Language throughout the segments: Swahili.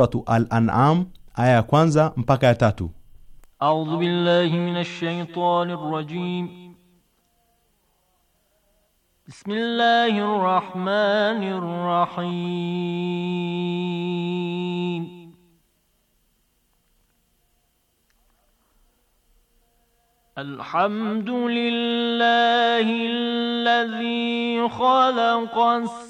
سورة الأنعام آية ya kwanza mpaka ya tatu. أعوذ بالله من الشيطان الرجيم بسم الله الرحمن الرحيم الحمد لله الذي خلق السماء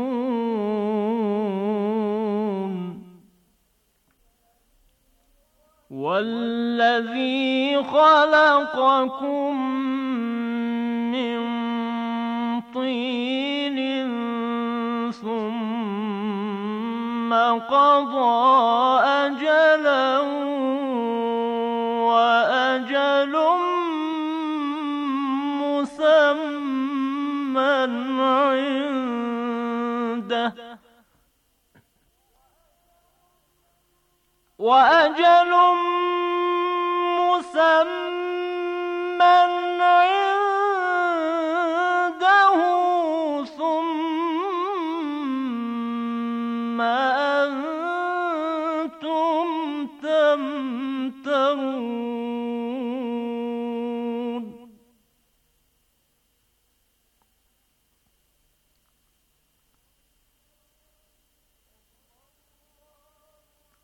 والذي خلقكم من طين ثم قضى أجلا وأجل مسمى عنده وأجل مسمى عنده ثم أنتم تمترون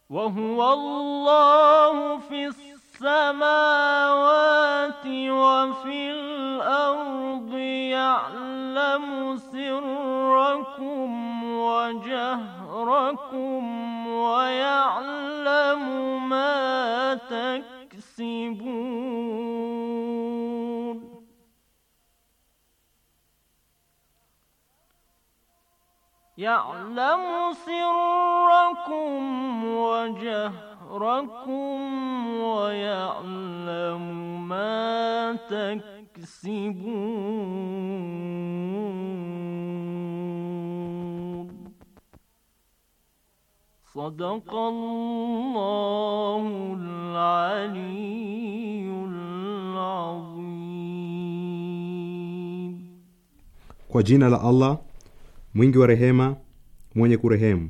وهو الله في الصلاة السماوات وفي الأرض يعلم سركم وجهركم ويعلم ما تكسبون يعلم سركم وجهركم أجوركم ويعلم ما تكسبون صدق الله العلي العظيم Kwa jina la Allah mwingi wa rehema mwenye kurehemu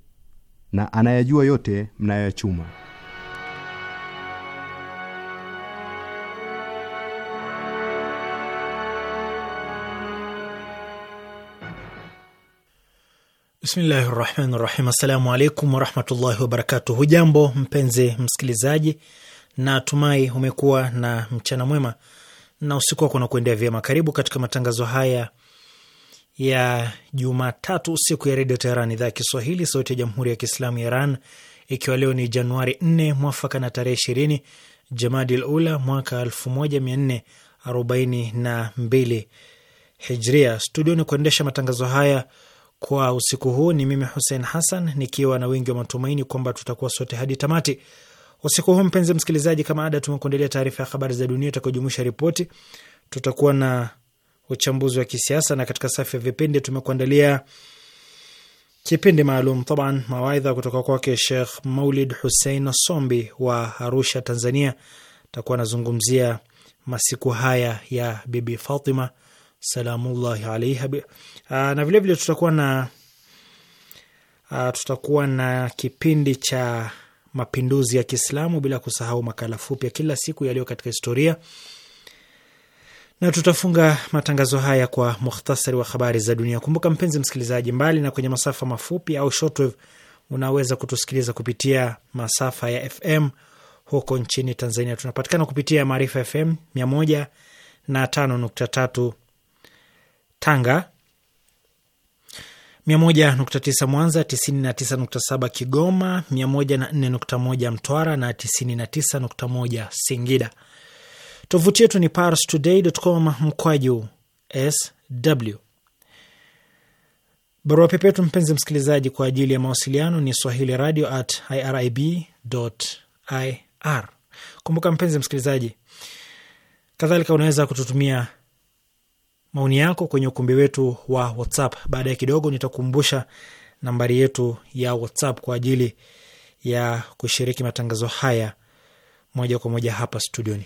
na anayajua yote mnayoyachuma. Bismillahi rahmani rahim. Assalamu alaikum warahmatullahi wabarakatuh. Hujambo mpenzi msikilizaji, na tumai umekuwa na mchana mwema na usiku wako na kuendea vyema. Karibu katika matangazo haya ya Jumatatu siku ya redio Teheran, idhaa ya Kiswahili, sauti ya jamhuri ya kiislamu ya Iran, ikiwa leo ni Januari 4 mwafaka na tarehe 20 Jamadil Ula mwaka 1442 Hijria. Studioni kuendesha matangazo haya kwa usiku huu ni mimi Hussein Hassan, nikiwa na wingi wa matumaini kwamba tutakuwa sote hadi tamati usiku huu. Mpenzi msikilizaji, kama ada, tumekuandalia taarifa ya habari za dunia itakayojumuisha ripoti. Tutakuwa na uchambuzi wa kisiasa, na katika safu ya vipindi tumekuandalia kipindi maalum taban mawaidha kutoka kwake shekh Maulid Hussein Asombi wa Arusha, Tanzania. Takuwa anazungumzia masiku haya ya Bibi Fatima salamullahi alaiha, ah, na vilevile tutakuwa na ah, tutakuwa na kipindi cha mapinduzi ya Kiislamu, bila kusahau makala fupi ya kila siku yaliyo katika historia na tutafunga matangazo haya kwa muhtasari wa habari za dunia. Kumbuka mpenzi msikilizaji, mbali na kwenye masafa mafupi au shortwave, unaweza kutusikiliza kupitia masafa ya FM. Huko nchini Tanzania tunapatikana kupitia Maarifa FM mia Tanga, mia Mwanza, 99.7 Kigoma, mia Mtwara na 99.1 Singida. Tovuti yetu ni parstoday.com mkwaju sw. Barua pepe yetu mpenzi msikilizaji, kwa ajili ya mawasiliano ni swahili radio at irib ir. Kumbuka mpenzi msikilizaji, kadhalika unaweza kututumia maoni yako kwenye ukumbi wetu wa WhatsApp. Baada ya kidogo, nitakumbusha nambari yetu ya WhatsApp kwa ajili ya kushiriki matangazo haya moja kwa moja hapa studioni.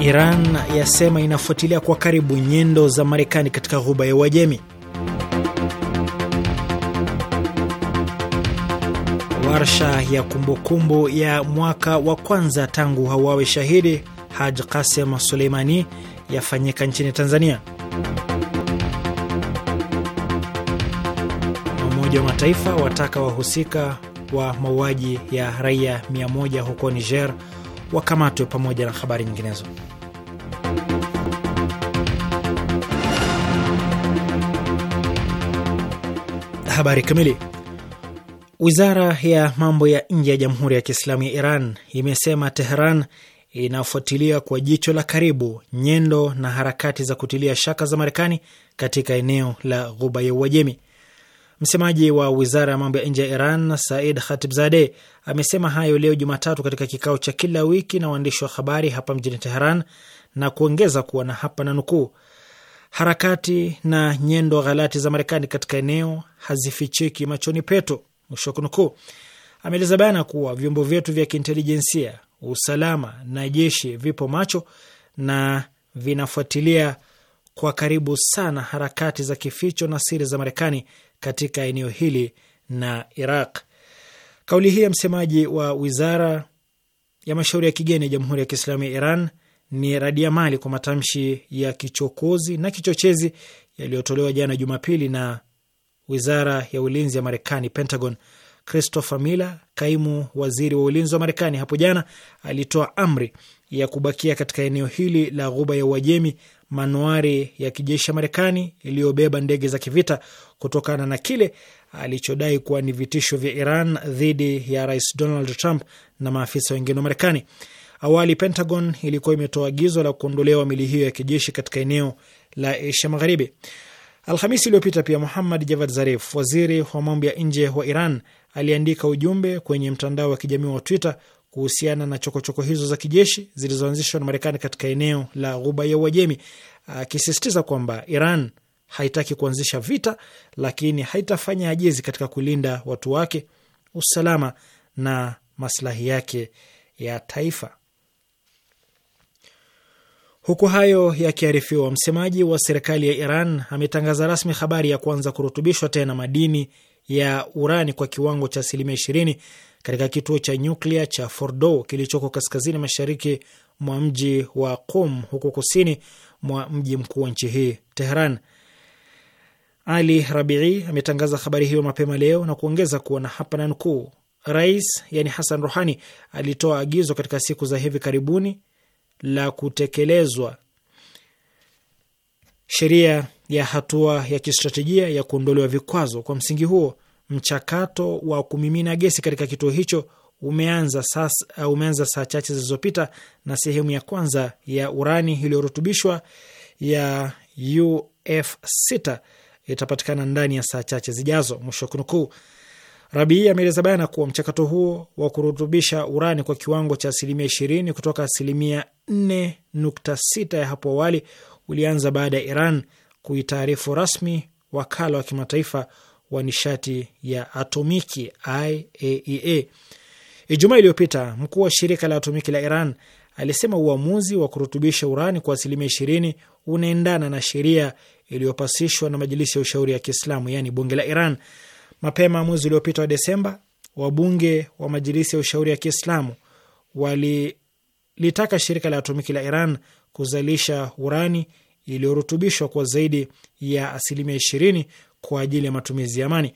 Iran yasema inafuatilia kwa karibu nyendo za Marekani katika ghuba ya Uajemi. Warsha ya kumbukumbu kumbu ya mwaka wa kwanza tangu hawawe shahidi Haj Qasem Suleimani yafanyika nchini Tanzania. Umoja wa Mataifa wataka wahusika wa mauaji ya raia 100 huko Niger wakamatwe, pamoja na habari nyinginezo. Habari kamili. Wizara ya mambo ya nje ya Jamhuri ya Kiislamu ya Iran imesema teheran inafuatilia kwa jicho la karibu nyendo na harakati za kutilia shaka za Marekani katika eneo la Ghuba ya Uajemi. Msemaji wa wizara ya mambo ya nje ya Iran Said Khatibzade, amesema hayo leo Jumatatu katika kikao cha kila wiki na waandishi wa habari hapa mjini Teheran na kuongeza kuwa na hapa na nukuu, harakati na nyendo ghalati za Marekani katika eneo hazifichiki machoni petu, mwisho kunukuu. Ameeleza bayana kuwa vyombo vyetu vya kiintelijensia, usalama na jeshi vipo macho na vinafuatilia kwa karibu sana harakati za kificho na siri za Marekani katika eneo hili na Iraq. Kauli hii ya msemaji wa wizara ya mashauri ya kigeni ya Jamhuri ya Kiislamu ya Iran ni radia mali kwa matamshi ya kichokozi na kichochezi yaliyotolewa jana Jumapili na wizara ya ulinzi ya Marekani, Pentagon. Christopher Miller, kaimu waziri wa ulinzi wa Marekani, hapo jana alitoa amri ya kubakia katika eneo hili la ghuba ya Uajemi manuari ya kijeshi ya Marekani iliyobeba ndege za kivita kutokana na kile alichodai kuwa ni vitisho vya Iran dhidi ya Rais Donald Trump na maafisa wengine wa Marekani. Awali Pentagon ilikuwa imetoa agizo la kuondolewa mili hiyo ya kijeshi katika eneo la Asia Magharibi. Alhamisi iliyopita pia, Muhammad Javad Zarif, waziri wa mambo ya nje wa Iran, aliandika ujumbe kwenye mtandao wa kijamii wa Twitter kuhusiana na chokochoko -choko hizo za kijeshi zilizoanzishwa na Marekani katika eneo la Ghuba ya Uajemi, akisisitiza kwamba Iran haitaki kuanzisha vita, lakini haitafanya ajizi katika kulinda watu wake, usalama na maslahi yake ya taifa. Huku hayo yakiarifiwa, msemaji wa serikali ya Iran ametangaza rasmi habari ya kuanza kurutubishwa tena madini ya urani kwa kiwango cha asilimia ishirini katika kituo cha nyuklia cha Fordo kilichoko kaskazini mashariki mwa mji wa Qum huko kusini mwa mji mkuu wa nchi hii Tehran. Ali Rabii ametangaza habari hiyo mapema leo na kuongeza kuwa na hapa nanukuu, rais yani Hassan Rohani alitoa agizo katika siku za hivi karibuni la kutekelezwa sheria ya hatua ya kistratejia ya kuondolewa vikwazo. Kwa msingi huo, mchakato wa kumimina gesi katika kituo hicho umeanza sasa, uh, umeanza saa chache zilizopita na sehemu ya kwanza ya urani iliyorutubishwa ya UF6 itapatikana ndani ya saa chache zijazo, mwisho wa kunukuu. Rabii ameeleza bayana kuwa mchakato huo wa kurutubisha urani kwa kiwango cha asilimia ishirini kutoka asilimia 4.6 ya hapo awali ulianza baada ya Iran kuitaarifu rasmi wakala wa kimataifa wa nishati ya atomiki IAEA. E Ijumaa iliyopita mkuu wa shirika la atomiki la Iran alisema uamuzi wa kurutubisha urani kwa asilimia ishirini unaendana na sheria iliyopasishwa na Majilisi ya Ushauri ya Kiislamu, yaani bunge la Iran. Mapema mwezi uliopita wa Desemba, wabunge wa Majilisi ya Ushauri ya Kiislamu wali litaka shirika la atomiki la Iran kuzalisha urani iliyorutubishwa kwa zaidi ya asilimia ishirini kwa ajili ya matumizi ya amani.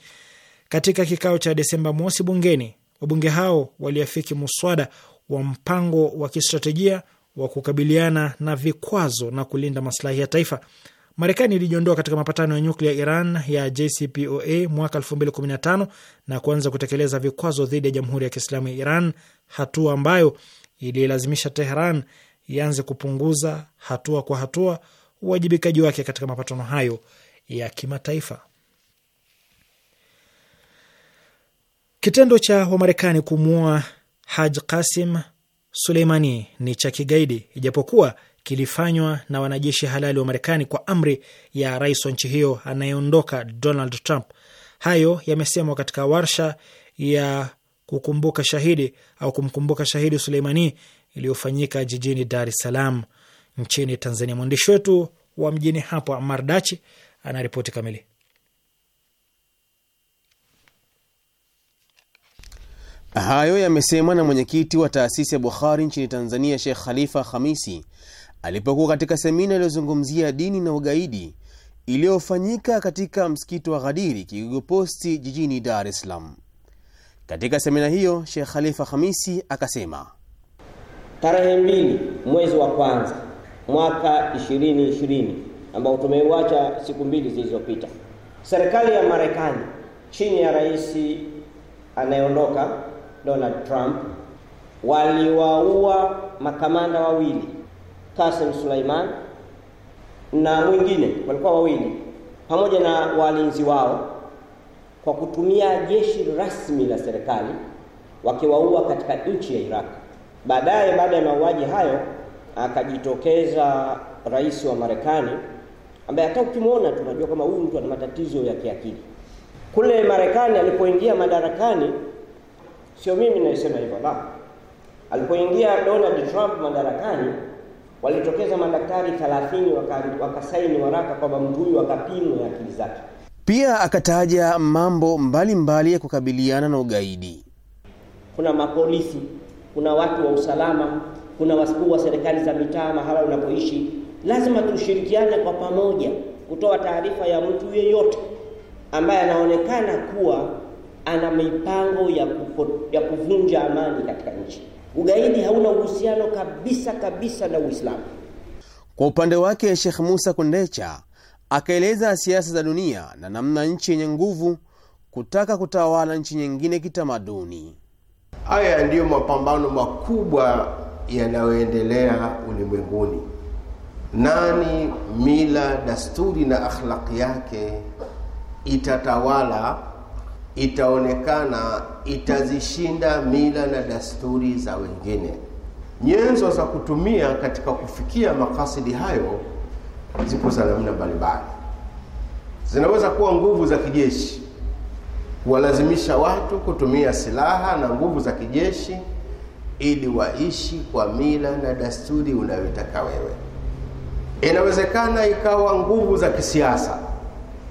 Katika kikao cha Desemba mosi bungeni, wabunge hao waliafiki muswada wa mpango wa kistratejia wa kukabiliana na vikwazo na kulinda maslahi ya taifa. Marekani ilijiondoa katika mapatano ya nyuklia Iran ya JCPOA mwaka 2015 na kuanza kutekeleza vikwazo dhidi ya Jamhuri ya Kiislamu ya Iran, hatua ambayo ililazimisha Tehran ianze kupunguza hatua kwa hatua uwajibikaji wake katika mapatano hayo ya kimataifa. Kitendo cha Wamarekani kumua Haj Qasim Suleimani ni cha kigaidi, ijapokuwa kilifanywa na wanajeshi halali wa Marekani kwa amri ya rais wa nchi hiyo anayeondoka Donald Trump. Hayo yamesemwa katika warsha ya kukumbuka shahidi au kumkumbuka shahidi Suleimani iliyofanyika jijini Dar es Salaam nchini Tanzania. Mwandishi wetu wa mjini hapo Amar Dachi ripoti kamili. Hayo yamesemwa na mwenyekiti wa taasisi ya Bukhari nchini Tanzania, Sheikh Khalifa Hamisi alipokuwa katika semina iliyozungumzia dini na ugaidi iliyofanyika katika msikiti wa Ghadiri, Kigogo Posti, jijini Dar es Salaam. Katika semina hiyo Sheikh Khalifa Hamisi akasema tarehe mbili mwezi wa kwanza mwaka 2020 ambao tumeuacha siku mbili zilizopita, serikali ya Marekani chini ya rais anayeondoka Donald Trump waliwaua makamanda wawili Kasim Suleiman na mwingine, walikuwa wawili pamoja na walinzi wao kwa kutumia jeshi rasmi la serikali wakiwaua katika nchi ya Iraq. Baadaye, baada ya mauaji hayo, akajitokeza rais wa Marekani ambaye hata ukimwona tunajua kama huyu mtu ana matatizo ya kiakili. Kule Marekani alipoingia madarakani, sio mimi naisema hivyo la, alipoingia Donald Trump madarakani walitokeza madaktari 30 wakasaini waka waraka kwamba mtu huyu akapimwa akili zake pia akataja mambo mbalimbali mbali ya kukabiliana na ugaidi. Kuna mapolisi, kuna watu wa usalama, kuna wakuu wa serikali za mitaa mahala unapoishi. Lazima tushirikiane kwa pamoja kutoa taarifa ya mtu yeyote ambaye anaonekana kuwa ana mipango ya, ya kuvunja amani katika nchi. Ugaidi hauna uhusiano kabisa kabisa na Uislamu. Kwa upande wake Sheikh Musa Kundecha akaeleza siasa za dunia na namna nchi yenye nguvu kutaka kutawala nchi nyingine kitamaduni. Haya ndiyo mapambano makubwa yanayoendelea ulimwenguni. Nani mila, dasturi na akhlaki yake itatawala, itaonekana, itazishinda mila na dasturi za wengine. Nyenzo za kutumia katika kufikia makasidi hayo zipo za namna mbalimbali, zinaweza kuwa nguvu za kijeshi, kuwalazimisha watu kutumia silaha na nguvu za kijeshi ili waishi kwa mila na dasturi unayotaka wewe. Inawezekana ikawa nguvu za kisiasa,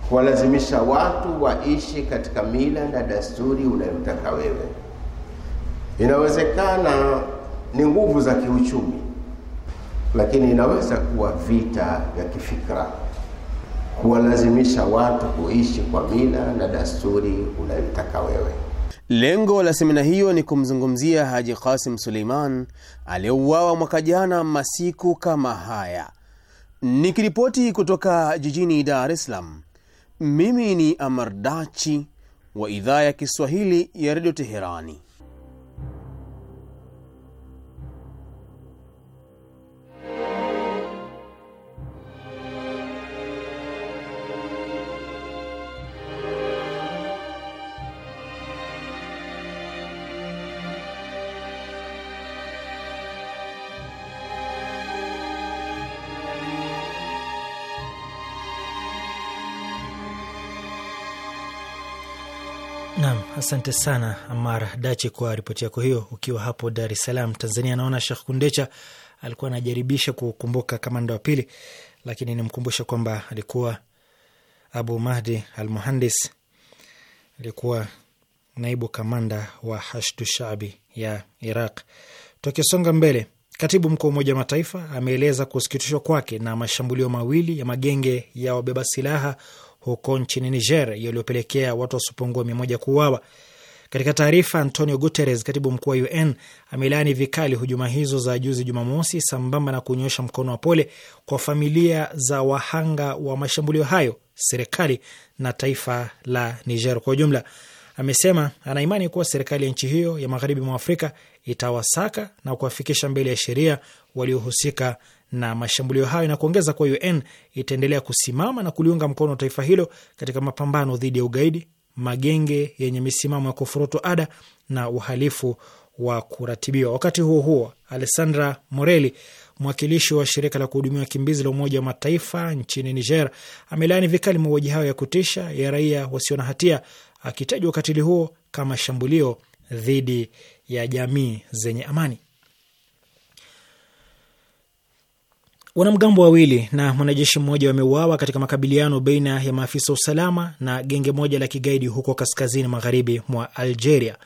kuwalazimisha watu waishi katika mila na dasturi unayotaka wewe. Inawezekana ni nguvu za kiuchumi lakini inaweza kuwa vita vya kifikra, kuwalazimisha watu kuishi kwa mila na dasturi unayotaka wewe. Lengo la semina hiyo ni kumzungumzia Haji Qasim Suleiman aliyeuawa mwaka jana masiku kama haya. Nikiripoti kutoka jijini Dar es Salaam, mimi ni Amardachi wa idhaa ya Kiswahili ya Redio Teherani. Asante sana Amar Dachi kwa ripoti yako hiyo, ukiwa hapo Dar es Salaam, Tanzania. Naona Shekh Kundecha alikuwa anajaribisha kukumbuka kamanda wa pili, lakini nimkumbusha kwamba alikuwa Abu Mahdi al Muhandis, alikuwa naibu kamanda wa Hashdu Shabi ya Iraq. Tukisonga mbele, katibu mkuu wa Umoja wa Mataifa ameeleza kusikitishwa kwake na mashambulio mawili ya magenge ya wabeba silaha huko nchini Niger yaliyopelekea watu wasiopungua mia moja kuuawa. Katika taarifa, Antonio Guterres, katibu mkuu wa UN, amelaani vikali hujuma hizo za juzi Jumamosi, sambamba na kunyosha mkono wa pole kwa familia za wahanga wa mashambulio hayo, serikali na taifa la Niger kwa ujumla. Amesema anaimani kuwa serikali ya nchi hiyo ya magharibi mwa Afrika itawasaka na kuwafikisha mbele ya sheria waliohusika na mashambulio hayo na kuongeza kuwa UN itaendelea kusimama na kuliunga mkono taifa hilo katika mapambano dhidi ya ugaidi, magenge yenye misimamo ya kufurutu ada na uhalifu wa kuratibiwa. Wakati huo huo, Alessandra Morelli, mwakilishi wa shirika la kuhudumia wakimbizi la Umoja wa Mataifa nchini Niger, amelaani vikali mauaji hayo ya kutisha ya raia wasio na hatia, akitaja ukatili huo kama shambulio dhidi ya jamii zenye amani. Wanamgambo wawili na mwanajeshi mmoja wameuawa katika makabiliano baina ya maafisa usalama na genge moja la kigaidi huko kaskazini magharibi mwa Algeria.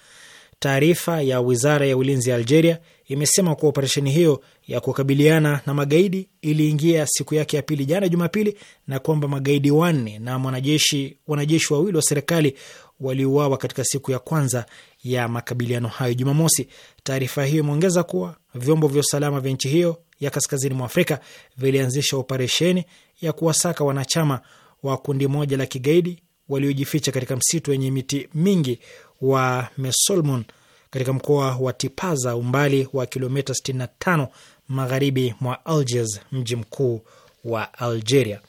Taarifa ya wizara ya ulinzi ya Algeria imesema kuwa operesheni hiyo ya kukabiliana na magaidi iliingia siku yake ya pili jana Jumapili, na kwamba magaidi wanne na wanajeshi wawili wa serikali waliuawa katika siku ya kwanza ya makabiliano hayo Jumamosi. Taarifa hiyo imeongeza kuwa vyombo vya usalama vya nchi hiyo ya kaskazini mwa Afrika vilianzisha operesheni ya kuwasaka wanachama wa kundi moja la kigaidi waliojificha katika msitu wenye miti mingi wa Mesolmon katika mkoa wa Tipaza, umbali wa kilomita 65 magharibi mwa Algiers, mji mkuu wa Algeria.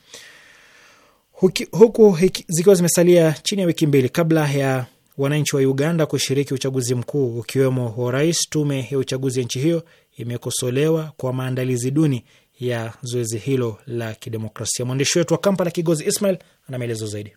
Huki, huku zikiwa zimesalia chini ya wiki mbili kabla ya wananchi wa Uganda kushiriki uchaguzi mkuu ukiwemo wa rais, tume ya uchaguzi ya nchi hiyo imekosolewa kwa maandalizi duni ya zoezi hilo la kidemokrasia. Mwandishi wetu wa Kampala, Kigozi Ismail, ana maelezo zaidi.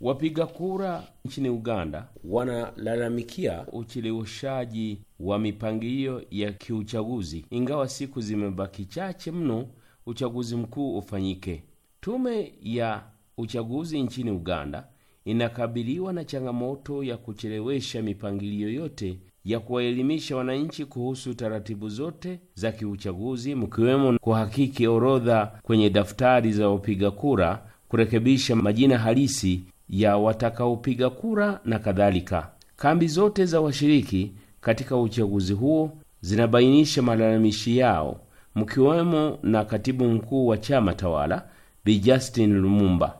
Wapiga kura nchini Uganda wanalalamikia ucheleweshaji wa mipangilio ya kiuchaguzi, ingawa siku zimebaki chache mno uchaguzi mkuu ufanyike. Tume ya uchaguzi nchini Uganda inakabiliwa na changamoto ya kuchelewesha mipangilio yote ya kuwaelimisha wananchi kuhusu taratibu zote za kiuchaguzi, mkiwemo kuhakiki orodha kwenye daftari za wapiga kura, kurekebisha majina halisi ya watakaopiga kura na kadhalika. Kambi zote za washiriki katika uchaguzi huo zinabainisha malalamishi yao, mkiwemo na katibu mkuu wa chama tawala Bi Justin Lumumba.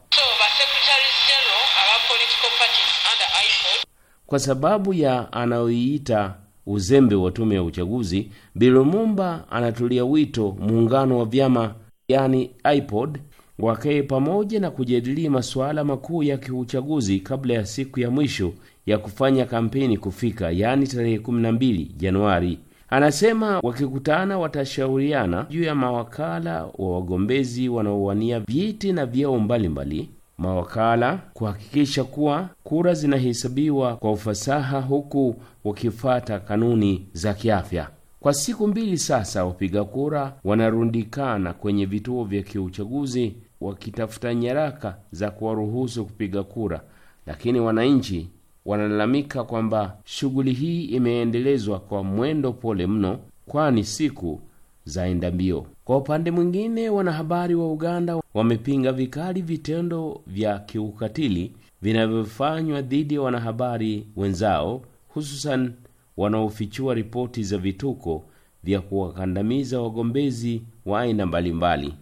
Kwa sababu ya anayoiita uzembe wa tume ya uchaguzi, bilumumba anatulia wito muungano wa vyama, yani IPOD, wakee pamoja na kujadili masuala makuu ya kiuchaguzi kabla ya siku ya mwisho ya kufanya kampeni kufika, yaani tarehe 12 Januari. Anasema wakikutana watashauriana juu ya mawakala wa wagombezi wanaowania viti na vyeo mbalimbali, mawakala kuhakikisha kuwa kura zinahesabiwa kwa ufasaha huku wakifata kanuni za kiafya. Kwa siku mbili sasa, wapiga kura wanarundikana kwenye vituo vya kiuchaguzi wakitafuta nyaraka za kuwaruhusu kupiga kura, lakini wananchi wanalalamika kwamba shughuli hii imeendelezwa kwa mwendo pole mno, kwani siku zaenda mbio. Kwa upande mwingine, wanahabari wa Uganda wamepinga vikali vitendo vya kiukatili vinavyofanywa dhidi ya wanahabari wenzao, hususan wanaofichua ripoti za vituko vya kuwakandamiza wagombezi wa aina mbalimbali.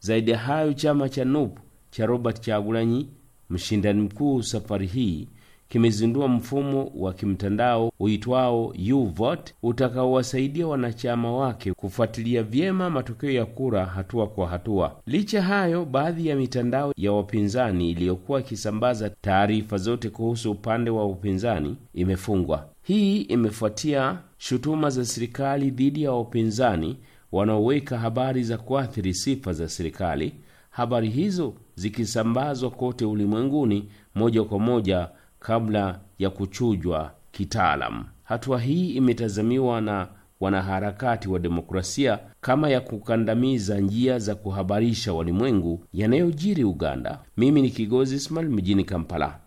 Zaidi ya hayo, chama cha NUP cha Robert Chagulanyi, mshindani mkuu safari hii, kimezindua mfumo wa kimtandao uitwao YouVote utakaowasaidia wanachama wake kufuatilia vyema matokeo ya kura hatua kwa hatua. Licha hayo, baadhi ya mitandao ya wapinzani iliyokuwa ikisambaza taarifa zote kuhusu upande wa upinzani imefungwa. Hii imefuatia shutuma za serikali dhidi ya wapinzani wanaoweka habari za kuathiri sifa za serikali, habari hizo zikisambazwa kote ulimwenguni moja kwa moja kabla ya kuchujwa kitaalam. Hatua hii imetazamiwa na wanaharakati wa demokrasia kama ya kukandamiza njia za kuhabarisha walimwengu yanayojiri Uganda. Mimi ni Kigozi Ismail mjini Kampala.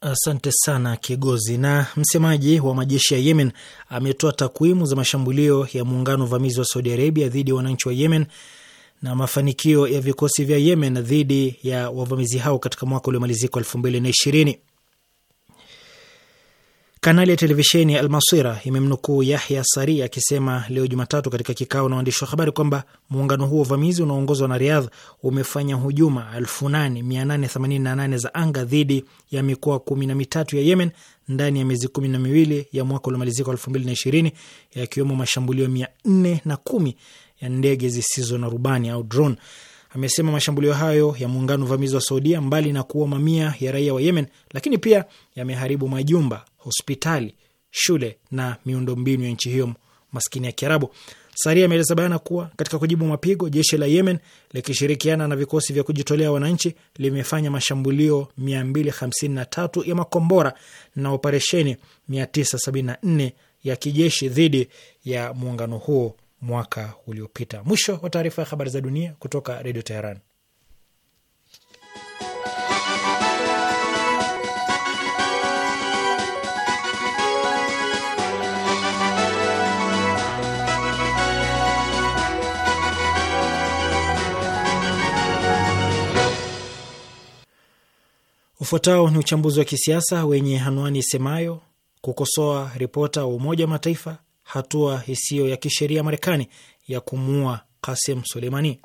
Asante sana Kigozi. Na msemaji wa majeshi ya Yemen ametoa takwimu za mashambulio ya muungano uvamizi wa Saudi Arabia dhidi ya wananchi wa Yemen na mafanikio ya vikosi vya Yemen dhidi ya wavamizi hao katika mwaka uliomalizika elfu mbili na ishirini. Kanali ya televisheni ya Almasira imemnukuu Yahya Sari akisema leo Jumatatu katika kikao na waandishi wa habari kwamba muungano huo uvamizi unaoongozwa na Riadh umefanya hujuma 8888 za anga dhidi ya mikoa kumi na mitatu ya Yemen ndani ya miezi kumi na miwili ya mwaka uliomalizika 2020 yakiwemo mashambulio 410 ya ndege zisizo na rubani au drone. Amesema mashambulio hayo ya muungano uvamizi wa Saudia, mbali na kuua mamia ya raia wa Yemen, lakini pia yameharibu majumba, hospitali, shule na miundombinu ya nchi hiyo maskini ya Kiarabu. Saria ameeleza bayana kuwa katika kujibu mapigo, jeshi la Yemen likishirikiana na vikosi vya kujitolea wananchi limefanya mashambulio 253 ya makombora na operesheni 974 ya kijeshi dhidi ya muungano huo mwaka uliopita. Mwisho wa taarifa ya habari za dunia kutoka Redio Teheran. Ufuatao ni uchambuzi wa kisiasa wenye anwani isemayo kukosoa ripota wa Umoja wa Mataifa hatua isiyo ya kisheria Marekani ya kumuua Kasim Suleimani.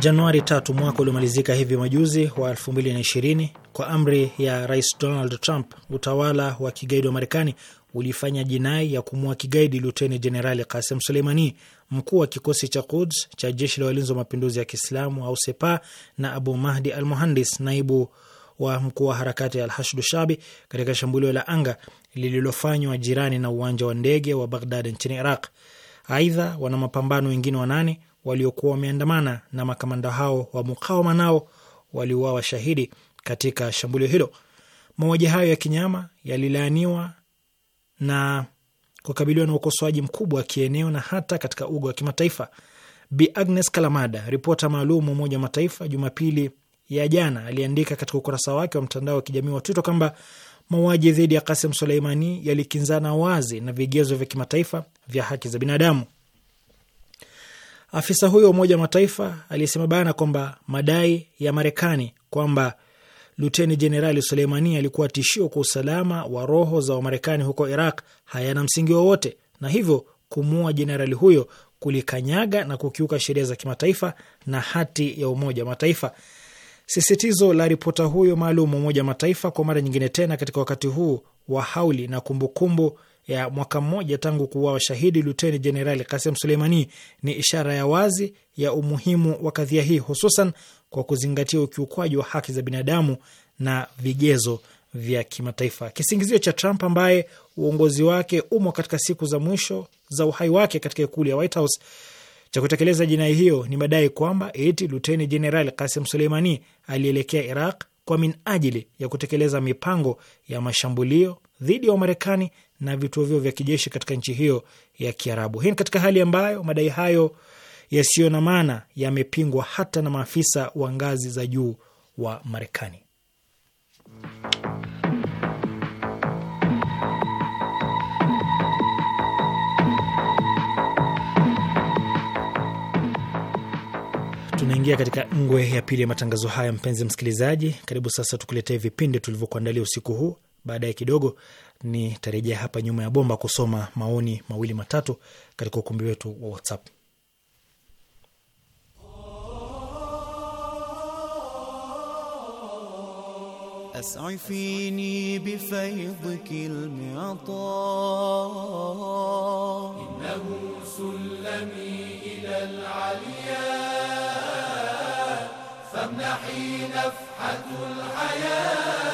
Januari tatu mwaka uliomalizika hivi majuzi wa 2020 kwa amri ya Rais Donald Trump, utawala wa kigaidi wa Marekani ulifanya jinai ya kumua kigaidi Luteni Jenerali Kasem Suleimani, mkuu wa kikosi cha Quds cha jeshi la walinzi wa mapinduzi ya Kiislamu au Sepa, na Abu Mahdi al Muhandis, naibu wa mkuu wa harakati ya Alhashdu Shabi katika shambulio la anga lililofanywa jirani na uwanja wa ndege wa Baghdad nchini Iraq. Aidha, wana mapambano wengine wanane waliokuwa wameandamana na makamanda hao wa mukawama nao waliuawa shahidi katika shambulio hilo. Mauaji hayo ya kinyama yalilaaniwa na kukabiliwa na ukosoaji mkubwa wa kieneo na hata katika uga wa kimataifa. Bi Agnes Kalamada, ripota maalum wa Umoja wa Mataifa, Jumapili ya jana aliandika katika ukurasa wake wa mtandao wa kijamii wa Twitter kwamba mauaji dhidi ya Kasim Suleimani yalikinzana wazi na vigezo vya kimataifa vya haki za binadamu. Afisa huyo wa Umoja wa Mataifa alisema bayana kwamba madai ya Marekani kwamba Luteni Jenerali Suleimani alikuwa tishio kwa usalama wa roho za Wamarekani huko Iraq hayana msingi wowote, na hivyo kumuua jenerali huyo kulikanyaga na kukiuka sheria za kimataifa na hati ya Umoja wa Mataifa. Sisitizo la ripota huyo maalum wa Umoja wa Mataifa kwa mara nyingine tena katika wakati huu wa hauli na kumbukumbu kumbu ya mwaka mmoja tangu kuuawa shahidi Luteni Jenerali Kasem Suleimani ni ishara ya wazi ya umuhimu wa kadhia hii, hususan kwa kuzingatia ukiukwaji wa haki za binadamu na vigezo vya kimataifa. Kisingizio cha Trump ambaye uongozi wake umo katika siku za mwisho za uhai wake katika ikulu ya White House cha kutekeleza jinai hiyo ni madai kwamba eti Luteni Jenerali Kasim Suleimani alielekea Iraq kwa minajili ya kutekeleza mipango ya mashambulio dhidi ya Wamarekani na vituo vyao vya kijeshi katika nchi hiyo ya Kiarabu. Hii ni katika hali ambayo madai hayo yasiyo na maana yamepingwa hata na maafisa wa ngazi za juu wa Marekani. Tunaingia katika ngwe ya pili ya matangazo haya, mpenzi msikilizaji, karibu sasa tukuletee vipindi tulivyokuandalia usiku huu. Baadaye kidogo nitarejea hapa nyuma ya bomba kusoma maoni mawili matatu katika ukumbi wetu wa WhatsApp. أسعفيني بفيضك المعطاء إنه سلمي إلى العلياء فامنحي نفحة الحياة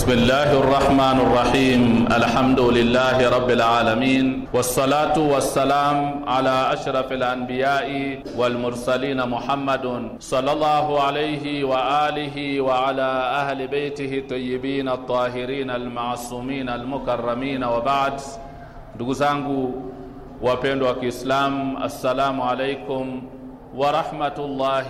بسم الله الرحمن الرحيم الحمد لله رب العالمين والصلاة والسلام على أشرف الأنبياء والمرسلين محمد صلى الله عليه وآله وعلى أهل بيته الطيبين الطاهرين المعصومين المكرمين وبعد دقزانقو وبين إسلام السلام عليكم ورحمة الله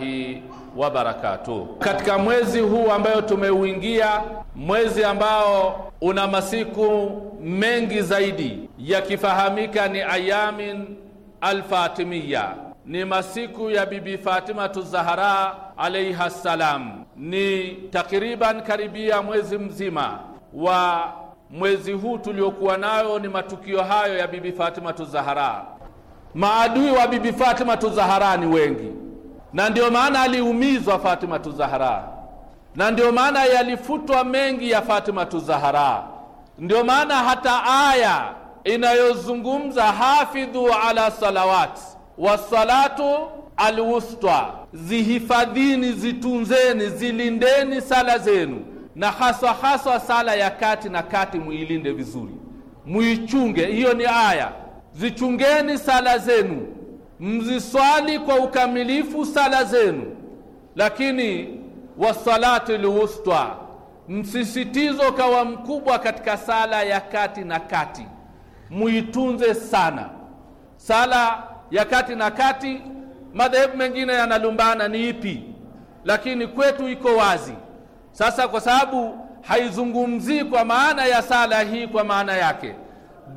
barakatuh. Katika mwezi huu ambayo tumeuingia, mwezi ambao una masiku mengi zaidi yakifahamika ni ayamin alfatimiya, ni masiku ya Bibi Fatimatu Zahara alaiha salam, ni takriban karibia mwezi mzima wa mwezi huu tuliokuwa nayo ni matukio hayo ya Bibi Fatimatu Zahara. Maadui wa Bibi Fatimatu Zahara ni wengi na ndio maana aliumizwa Fatima Tuzahara, na ndio maana yalifutwa mengi ya Fatima Tuzahara. Ndio maana hata aya inayozungumza hafidhu ala salawat wasalatu alwusta, zihifadhini, zitunzeni, zilindeni sala zenu, na haswa haswa sala ya kati na kati muilinde vizuri, muichunge. Hiyo ni aya, zichungeni sala zenu mziswali kwa ukamilifu sala zenu, lakini wasalati lwusta, msisitizo kawa mkubwa katika sala ya kati na kati, muitunze sana sala ya kati na kati. Madhehebu mengine yanalumbana ni ipi, lakini kwetu iko wazi. Sasa kwa sababu haizungumzii kwa maana ya sala hii kwa maana yake,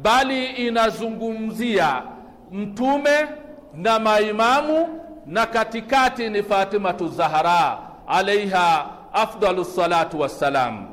bali inazungumzia Mtume na maimamu na katikati ni Fatimatu Zahra alaiha afdalu salatu wassalam.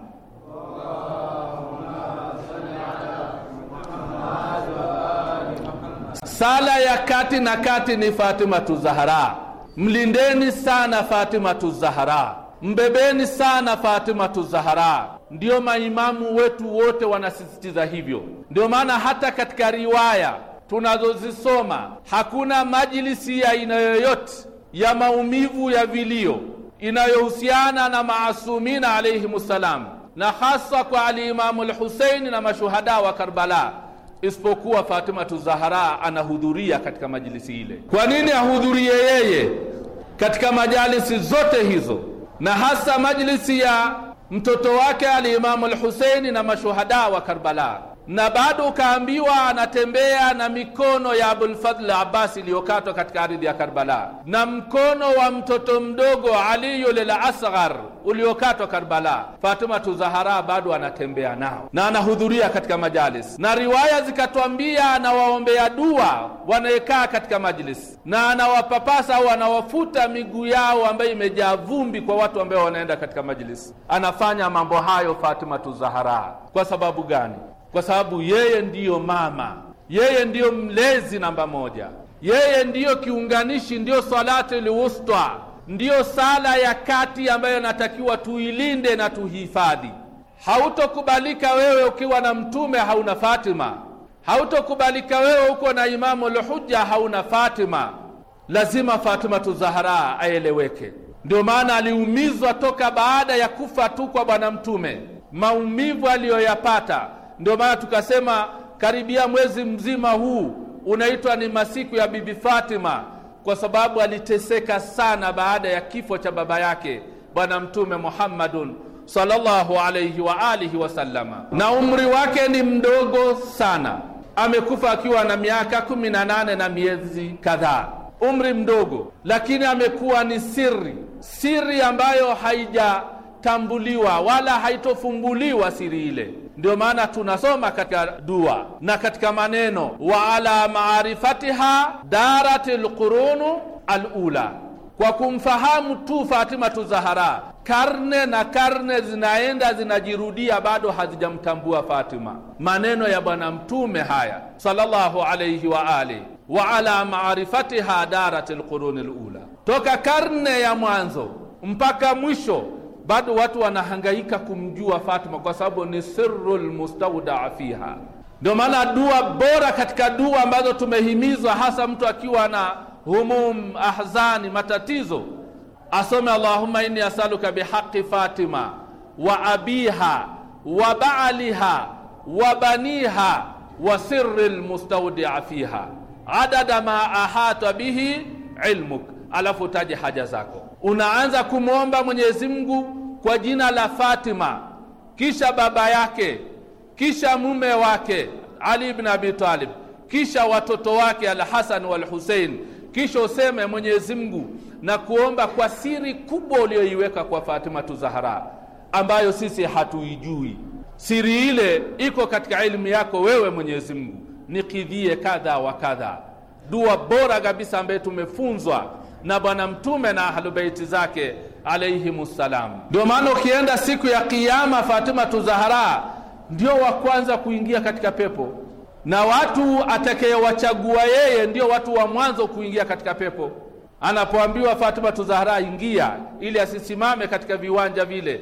Sala ya kati na kati ni Fatimatu Zahra. Mlindeni sana Fatimatu Zahra, mbebeni sana Fatimatu Zahra. Ndiyo maimamu wetu wote wanasisitiza hivyo, ndio maana hata katika riwaya tunazozisoma hakuna majlisi ya aina yoyote ya maumivu ya vilio inayohusiana na maasumina alayhimu salam, na hasa kwa alimamu Lhuseini na mashuhada wa Karbala, isipokuwa Fatimatu Zahara anahudhuria katika majlisi ile. Kwa nini ahudhurie yeye katika majalisi zote hizo, na hasa majlisi ya mtoto wake alimamu Lhuseini na mashuhada wa Karbala? na bado ukaambiwa anatembea na mikono ya Abulfadl Abbas iliyokatwa katika ardhi ya Karbala na mkono wa mtoto mdogo Aliyu lil Asghar uliokatwa Karbala. fatimatu Tuzahara bado anatembea nao na anahudhuria katika majalis, na riwaya zikatwambia anawaombea dua wanayekaa katika majlis, na anawapapasa au anawafuta miguu yao ambayo imejaa vumbi kwa watu ambao wanaenda katika majlis. Anafanya mambo hayo fatimatu Tuzahara kwa sababu gani? kwa sababu yeye ndiyo mama, yeye ndiyo mlezi namba moja, yeye ndiyo kiunganishi, ndiyo salatu lwusta, ndiyo sala ya kati ambayo natakiwa tuilinde na tuhifadhi. Hautokubalika wewe ukiwa na mtume hauna Fatima, hautokubalika wewe uko na Imamu Lhuja hauna Fatima. Lazima Fatimatu tuzahara aeleweke. Ndio maana aliumizwa toka baada ya kufa tu kwa Bwana Mtume, maumivu aliyoyapata ndio maana tukasema karibia mwezi mzima huu unaitwa ni masiku ya Bibi Fatima, kwa sababu aliteseka sana baada ya kifo cha baba yake Bwana Mtume Muhammadun sallallahu alayhi wa alihi wasallama, na umri wake ni mdogo sana. Amekufa akiwa na miaka kumi na nane na miezi kadhaa, umri mdogo, lakini amekuwa ni siri, siri ambayo haija tambuliwa wala haitofumbuliwa siri ile. Ndio maana tunasoma katika dua na katika maneno, wa ala maarifatiha darat lqurunu alula, kwa kumfahamu tu Fatima Tuzahara, karne na karne zinaenda zinajirudia, bado hazijamtambua Fatima. Maneno ya Bwana Mtume haya sallallahu alayhi wa alihi wa ala maarifatiha darat lquruni lula, toka karne ya mwanzo mpaka mwisho bado watu wanahangaika kumjua fatima kwa sababu ni sirru lmustaudaa fiha. Ndio maana dua bora katika dua ambazo tumehimizwa, hasa mtu akiwa na humum, ahzani, matatizo, asome allahumma inni asaluka bihaqi Fatima wa abiha wa baaliha wa baniha wa sirri lmustaudia fiha adada ma ahata bihi ilmuk, alafu taje haja zako unaanza kumwomba Mwenyezi Mungu kwa jina la Fatima, kisha baba yake, kisha mume wake Ali ibn Abi Talib, kisha watoto wake Al-Hasan wal Hussein, kisha useme Mwenyezi Mungu na kuomba kwa siri kubwa uliyoiweka kwa Fatima Zahra, ambayo sisi hatuijui. Siri ile iko katika elimu yako wewe Mwenyezi Mungu, nikidhie kadha wa kadha. Dua bora kabisa ambayo tumefunzwa na Bwana Mtume na ahlubeiti zake ssalam Ndio maana ukienda siku ya Kiyama, Fatima Tuzahara ndio wa kwanza kuingia katika pepo, na watu atakayewachagua yeye ndio watu wa mwanzo kuingia katika pepo. Anapoambiwa Fatima Tuzahara, ingia, ili asisimame katika viwanja vile,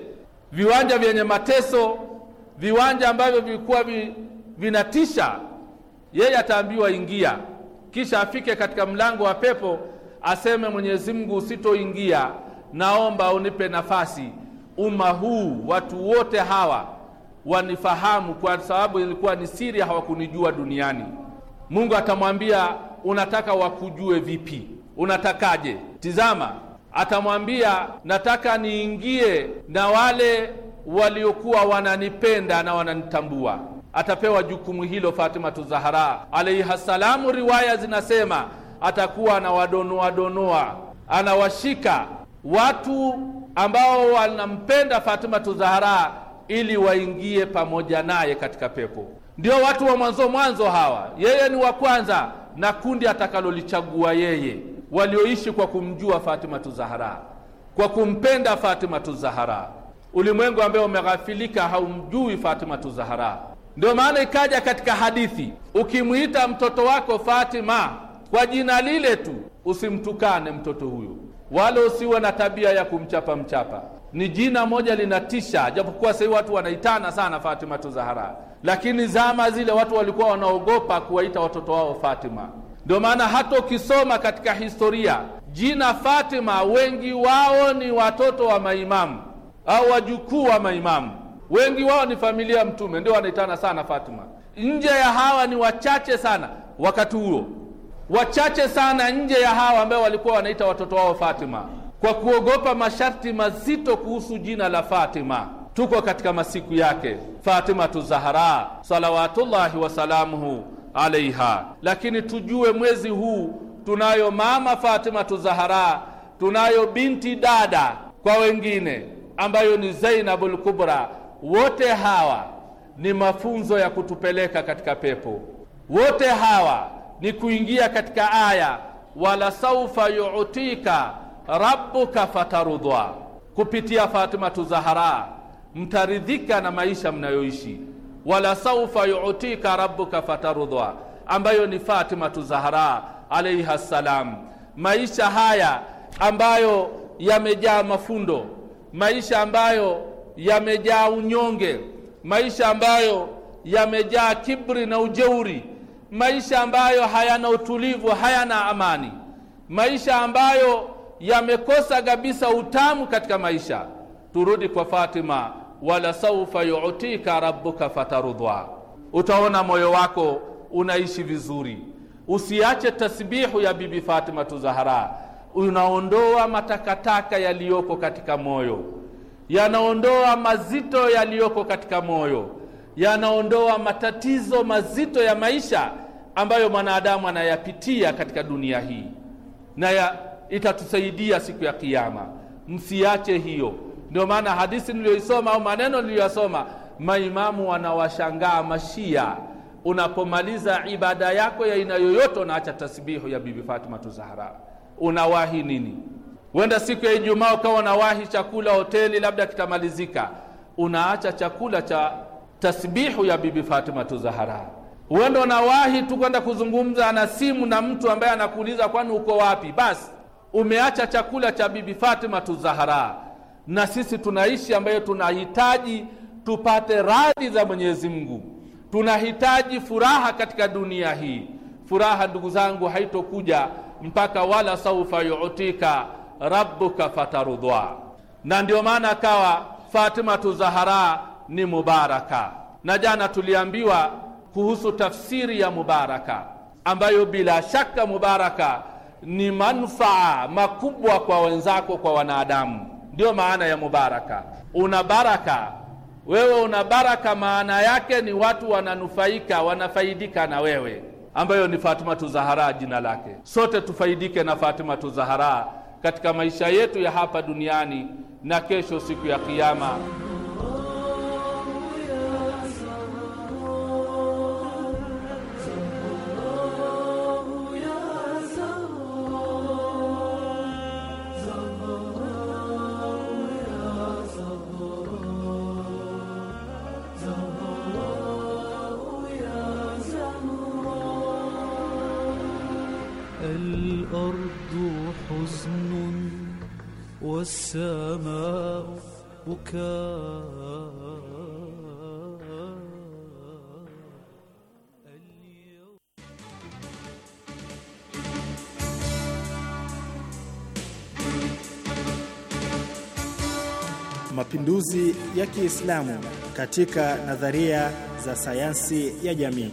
viwanja vyenye mateso, viwanja ambavyo vilikuwa vi, vinatisha. Yeye ataambiwa ingia, kisha afike katika mlango wa pepo aseme Mwenyezi Mungu, usitoingia, naomba unipe nafasi. Umma huu watu wote hawa wanifahamu, kwa sababu ilikuwa ni siri, hawakunijua duniani. Mungu atamwambia unataka wakujue vipi? Unatakaje? Tizama, atamwambia nataka niingie na wale waliokuwa wananipenda na wananitambua. Atapewa jukumu hilo Fatimatu Zahara alaihi salamu. Riwaya zinasema atakuwa anawadonoa donoa, anawashika watu ambao wanampenda fatima Zahara ili waingie pamoja naye katika pepo. Ndio watu wa mwanzo mwanzo hawa, yeye ni wa kwanza na kundi atakalolichagua yeye, walioishi kwa kumjua fatima tuzahara kwa kumpenda fatima tuzahara Ulimwengu ambaye umeghafilika haumjui fatima Zahara. Ndio maana ikaja katika hadithi, ukimwita mtoto wako Fatima kwa jina lile tu, usimtukane mtoto huyo, wala usiwe na tabia ya kumchapa mchapa. Ni jina moja linatisha, japokuwa sahii watu wanaitana sana Fatima tu Zahara, lakini zama zile watu walikuwa wanaogopa kuwaita watoto wao Fatima. Ndio maana hata ukisoma katika historia jina Fatima, wengi wao ni watoto wa maimamu au wajukuu wa maimamu, wengi wao ni familia Mtume, ndio wanaitana sana Fatima. Nje ya hawa ni wachache sana wakati huo wachache sana nje ya hawa ambao walikuwa wanaita watoto wao Fatima kwa kuogopa masharti mazito kuhusu jina la Fatima. Tuko katika masiku yake Fatimatu Zahara salawatullahi wasalamuhu alaiha, lakini tujue mwezi huu tunayo mama Fatimatu Zahara, tunayo binti dada kwa wengine ambayo ni Zainabul Kubra. Wote hawa ni mafunzo ya kutupeleka katika pepo. Wote hawa ni kuingia katika aya wala saufa yu'tika rabbuka fatarudhwa, kupitia Fatima Tuzahara mtaridhika na maisha mnayoishi. Wala saufa yu'tika rabbuka fatarudhwa, ambayo ni Fatima Tuzahara alaiha salam. Maisha haya ambayo yamejaa mafundo, maisha ambayo yamejaa unyonge, maisha ambayo yamejaa kibri na ujeuri maisha ambayo hayana utulivu, hayana amani, maisha ambayo yamekosa kabisa utamu katika maisha. Turudi kwa Fatima, wala saufa yutika rabbuka fatarudwa, utaona moyo wako unaishi vizuri. Usiache tasbihu ya Bibi Fatima Tuzahara, unaondoa matakataka yaliyoko katika moyo, yanaondoa mazito yaliyoko katika moyo yanaondoa matatizo mazito ya maisha ambayo mwanadamu anayapitia katika dunia hii, na ya itatusaidia siku ya Kiyama. Msiache hiyo. Ndio maana hadithi niliyoisoma au maneno niliyoyasoma, maimamu wanawashangaa Mashia, unapomaliza ibada yako ya aina yoyote, unaacha tasbihu ya Bibi Fatima Tuzahara. Unawahi nini? Wenda siku ya Ijumaa ukawa unawahi chakula hoteli, labda kitamalizika, unaacha chakula cha tasbihu ya Bibi Fatima Zahara. Uenda nawahi tu kwenda kuzungumza na simu na mtu ambaye anakuuliza kwani uko wapi? Basi umeacha chakula cha Bibi Fatima Tuzahara. Na sisi tunaishi ambayo tunahitaji tupate radhi za Mwenyezi Mungu, tunahitaji furaha katika dunia hii. Furaha ndugu zangu haitokuja mpaka wala saufa yutika rabbuka fatarudhwa. Na ndio maana akawa Fatima Zahara ni mubaraka. Na jana tuliambiwa kuhusu tafsiri ya mubaraka, ambayo bila shaka mubaraka ni manufaa makubwa kwa wenzako, kwa wanadamu. Ndiyo maana ya mubaraka. Una baraka wewe, una baraka, maana yake ni watu wananufaika, wanafaidika na wewe, ambayo ni Fatima Tuzahara jina lake. Sote tufaidike na Fatima Tuzahara katika maisha yetu ya hapa duniani na kesho siku ya Kiyama. السماء بكاء Mapinduzi ya Kiislamu katika nadharia za sayansi ya jamii.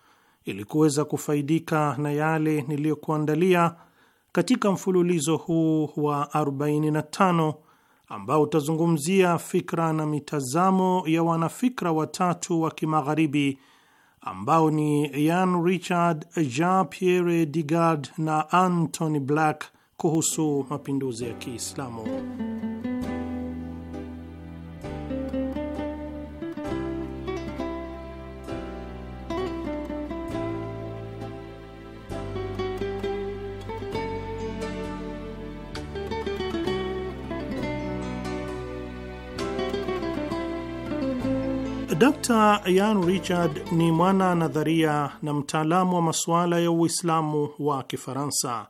ili kuweza kufaidika na yale niliyokuandalia katika mfululizo huu wa 45 ambao utazungumzia fikra na mitazamo ya wanafikra watatu wa kimagharibi ambao ni Ian Richard, Jean Pierre Digard na Anthony Black kuhusu mapinduzi ya Kiislamu. Dr. Yan Richard ni mwana nadharia na mtaalamu wa masuala ya Uislamu wa Kifaransa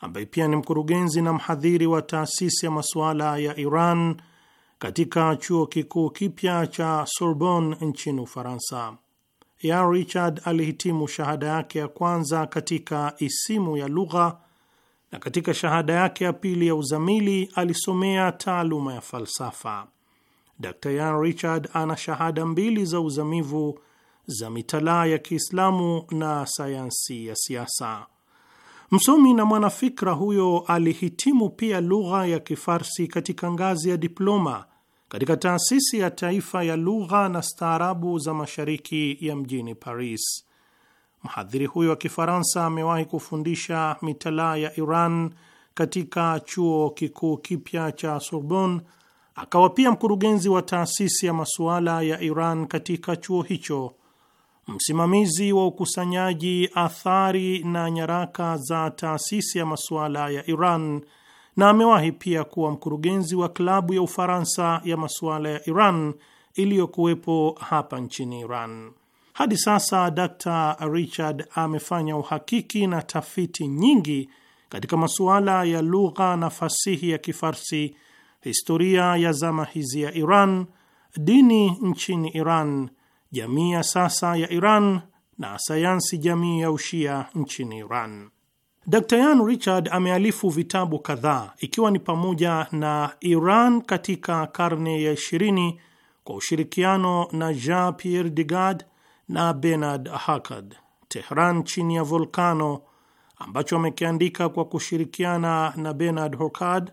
ambaye pia ni mkurugenzi na mhadhiri wa taasisi ya masuala ya Iran katika chuo kikuu kipya cha Sorbonne nchini Ufaransa. yan Richard alihitimu shahada yake ya kwanza katika isimu ya lugha na katika shahada yake ya pili ya uzamili alisomea taaluma ya falsafa. Dr Yan Richard ana shahada mbili za uzamivu za mitalaa ya Kiislamu na sayansi ya siasa. Msomi na mwanafikra huyo alihitimu pia lugha ya Kifarsi katika ngazi ya diploma katika taasisi ya taifa ya lugha na staarabu za mashariki ya mjini Paris. Mhadhiri huyo wa Kifaransa amewahi kufundisha mitalaa ya Iran katika chuo kikuu kipya cha Sorbonne akawa pia mkurugenzi wa taasisi ya masuala ya Iran katika chuo hicho, msimamizi wa ukusanyaji athari na nyaraka za taasisi ya masuala ya Iran, na amewahi pia kuwa mkurugenzi wa klabu ya Ufaransa ya masuala ya Iran iliyokuwepo hapa nchini Iran. Hadi sasa Dr. Richard amefanya uhakiki na tafiti nyingi katika masuala ya lugha na fasihi ya Kifarsi historia ya zama hizi ya Iran, dini nchini Iran, jamii ya sasa ya Iran na sayansi jamii ya Ushia nchini Iran. Dr. Yan Richard amealifu vitabu kadhaa ikiwa ni pamoja na Iran katika karne ya 20 kwa ushirikiano na Jean Pierre Degard na Bernard Hakad, Tehran chini ya volkano ambacho amekiandika kwa kushirikiana na Bernard Hakad,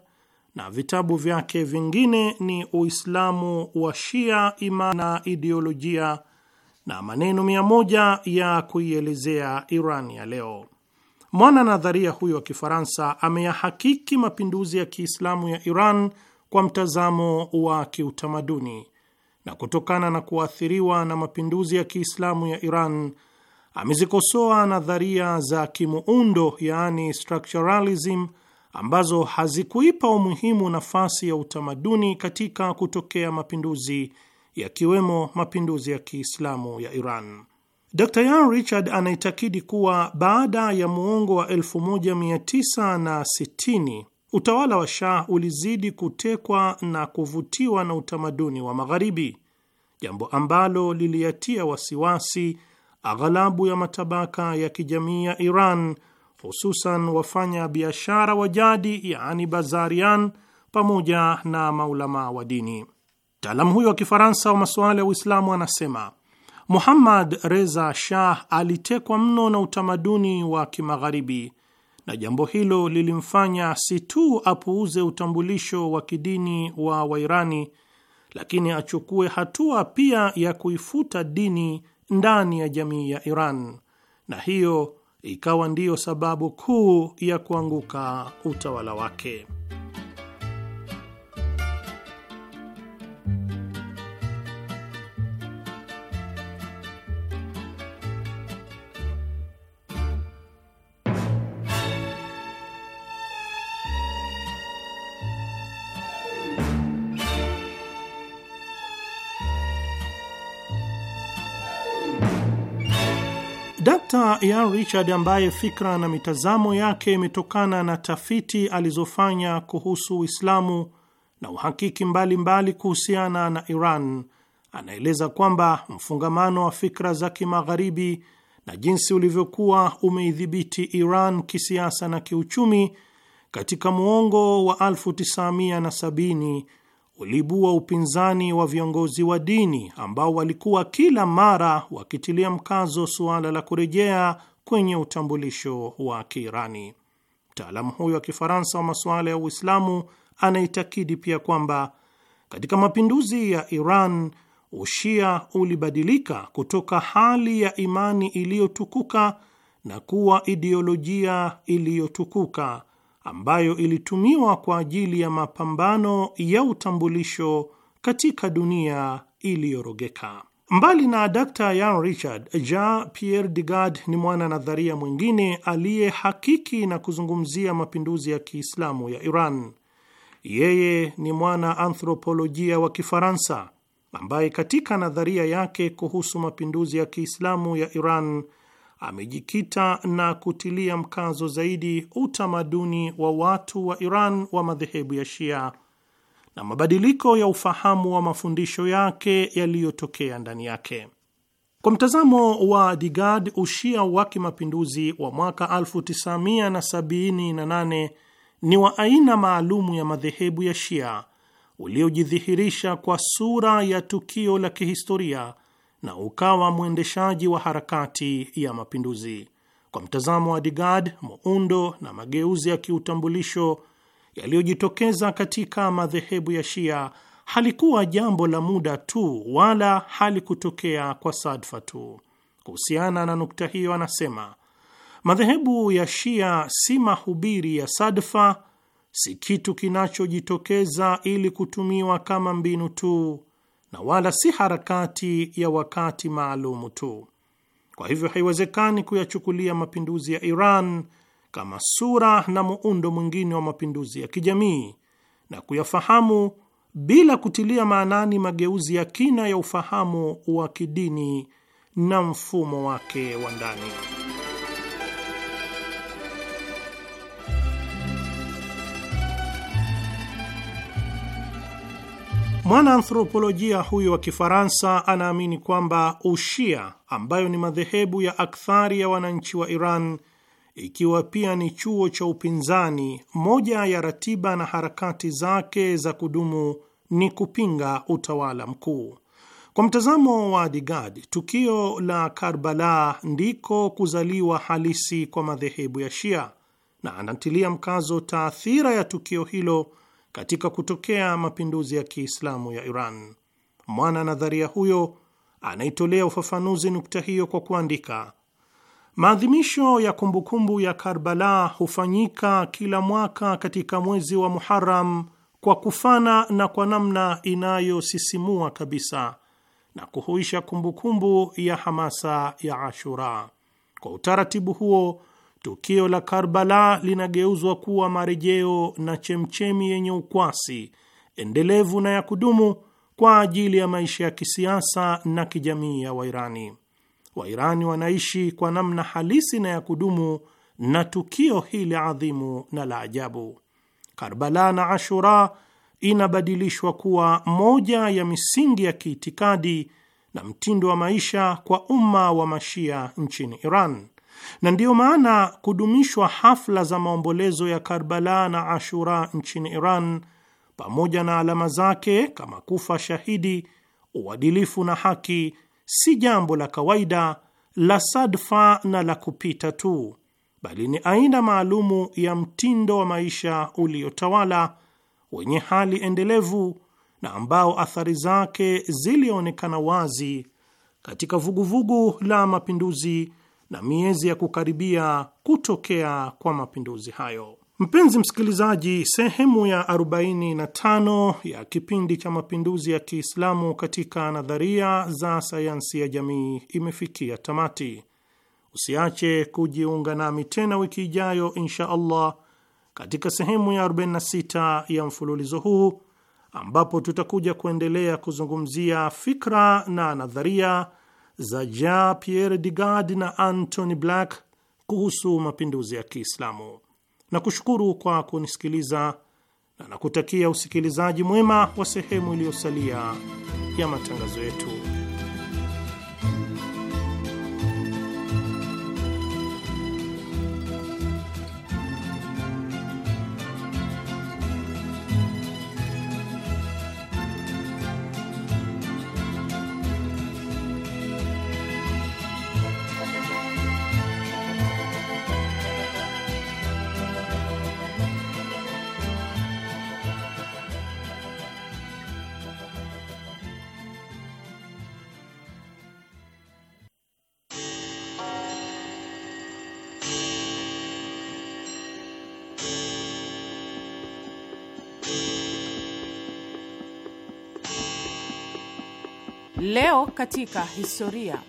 na vitabu vyake vingine ni Uislamu wa Shia, imani na ideolojia na maneno mia moja ya kuielezea Iran ya leo. Mwana nadharia huyo wa Kifaransa ameyahakiki mapinduzi ya Kiislamu ya Iran kwa mtazamo wa kiutamaduni, na kutokana na kuathiriwa na mapinduzi ya Kiislamu ya Iran amezikosoa nadharia za kimuundo, yaani structuralism ambazo hazikuipa umuhimu nafasi ya utamaduni katika kutokea mapinduzi yakiwemo mapinduzi ya Kiislamu ya Iran. Dr. Yan Richard anaitakidi kuwa baada ya muongo wa 1960 utawala wa Shah ulizidi kutekwa na kuvutiwa na utamaduni wa Magharibi, jambo ambalo liliyatia wasiwasi aghalabu ya matabaka ya kijamii ya Iran hususan wafanya biashara wa jadi, yani bazarian, pamoja na maulamaa wa dini. Mtaalamu huyo wa Kifaransa wa masuala ya Uislamu anasema Muhammad Reza Shah alitekwa mno na utamaduni wa Kimagharibi, na jambo hilo lilimfanya si tu apuuze utambulisho wa kidini wa Wairani, lakini achukue hatua pia ya kuifuta dini ndani ya jamii ya Iran, na hiyo ikawa ndiyo sababu kuu ya kuanguka utawala wake. Dr. Ian Richard ambaye fikra na mitazamo yake imetokana na tafiti alizofanya kuhusu Uislamu na uhakiki mbalimbali kuhusiana na Iran, anaeleza kwamba mfungamano wa fikra za kimagharibi na jinsi ulivyokuwa umeidhibiti Iran kisiasa na kiuchumi katika muongo wa 1970 uliibua upinzani wa viongozi wa dini ambao walikuwa kila mara wakitilia mkazo suala la kurejea kwenye utambulisho wa Kiirani. Mtaalamu huyo wa Kifaransa wa masuala ya Uislamu anaitakidi pia kwamba katika mapinduzi ya Iran Ushia ulibadilika kutoka hali ya imani iliyotukuka na kuwa ideolojia iliyotukuka ambayo ilitumiwa kwa ajili ya mapambano ya utambulisho katika dunia iliyorogeka. Mbali na Dr. Yan Richard, Jean Pierre Digard ni mwana nadharia mwingine aliyehakiki na kuzungumzia mapinduzi ya Kiislamu ya Iran. Yeye ni mwana anthropolojia wa Kifaransa ambaye katika nadharia yake kuhusu mapinduzi ya Kiislamu ya Iran amejikita na kutilia mkazo zaidi utamaduni wa watu wa Iran wa madhehebu ya Shia na mabadiliko ya ufahamu wa mafundisho yake yaliyotokea ndani yake. Kwa mtazamo wa Digad, ushia wa kimapinduzi wa mwaka 1978 ni wa aina maalumu ya madhehebu ya Shia uliojidhihirisha kwa sura ya tukio la kihistoria na ukawa mwendeshaji wa harakati ya mapinduzi. Kwa mtazamo wa Digard, muundo na mageuzi ya kiutambulisho yaliyojitokeza katika madhehebu ya Shia halikuwa jambo la muda tu, wala halikutokea kwa sadfa tu. Kuhusiana na nukta hiyo, anasema madhehebu ya Shia si mahubiri ya sadfa, si kitu kinachojitokeza ili kutumiwa kama mbinu tu na wala si harakati ya wakati maalum tu. Kwa hivyo haiwezekani kuyachukulia mapinduzi ya Iran kama sura na muundo mwingine wa mapinduzi ya kijamii na kuyafahamu bila kutilia maanani mageuzi ya kina ya ufahamu wa kidini na mfumo wake wa ndani. Mwanaanthropolojia huyo wa Kifaransa anaamini kwamba Ushia, ambayo ni madhehebu ya akthari ya wananchi wa Iran, ikiwa pia ni chuo cha upinzani, moja ya ratiba na harakati zake za kudumu ni kupinga utawala mkuu. Kwa mtazamo wa Digad, tukio la Karbala ndiko kuzaliwa halisi kwa madhehebu ya Shia, na anatilia mkazo taathira ya tukio hilo katika kutokea mapinduzi ya Kiislamu ya Iran. Mwana nadharia huyo anaitolea ufafanuzi nukta hiyo kwa kuandika, maadhimisho ya kumbukumbu ya Karbala hufanyika kila mwaka katika mwezi wa muharam kwa kufana na kwa namna inayosisimua kabisa na kuhuisha kumbukumbu ya hamasa ya Ashura. Kwa utaratibu huo tukio la Karbala linageuzwa kuwa marejeo na chemchemi yenye ukwasi endelevu na ya kudumu kwa ajili ya maisha ya kisiasa na kijamii ya Wairani. Wairani wanaishi kwa namna halisi na ya kudumu na tukio hili adhimu na la ajabu. Karbala na Ashura inabadilishwa kuwa moja ya misingi ya kiitikadi na mtindo wa maisha kwa umma wa Mashia nchini Iran na ndiyo maana kudumishwa hafla za maombolezo ya Karbala na Ashura nchini Iran pamoja na alama zake kama kufa shahidi, uadilifu na haki, si jambo la kawaida la sadfa na la kupita tu, bali ni aina maalumu ya mtindo wa maisha uliotawala wenye hali endelevu na ambao athari zake zilionekana wazi katika vuguvugu la mapinduzi na miezi ya kukaribia kutokea kwa mapinduzi hayo. Mpenzi msikilizaji, sehemu ya 45 ya kipindi cha mapinduzi ya Kiislamu katika nadharia za sayansi ya jamii imefikia tamati. Usiache kujiunga nami tena wiki ijayo insha Allah katika sehemu ya 46 ya mfululizo huu ambapo tutakuja kuendelea kuzungumzia fikra na nadharia za Jean Pierre Digard na Anthony Black kuhusu mapinduzi ya Kiislamu. Na kushukuru kwa kunisikiliza na nakutakia usikilizaji mwema wa sehemu iliyosalia ya matangazo yetu. Leo katika historia.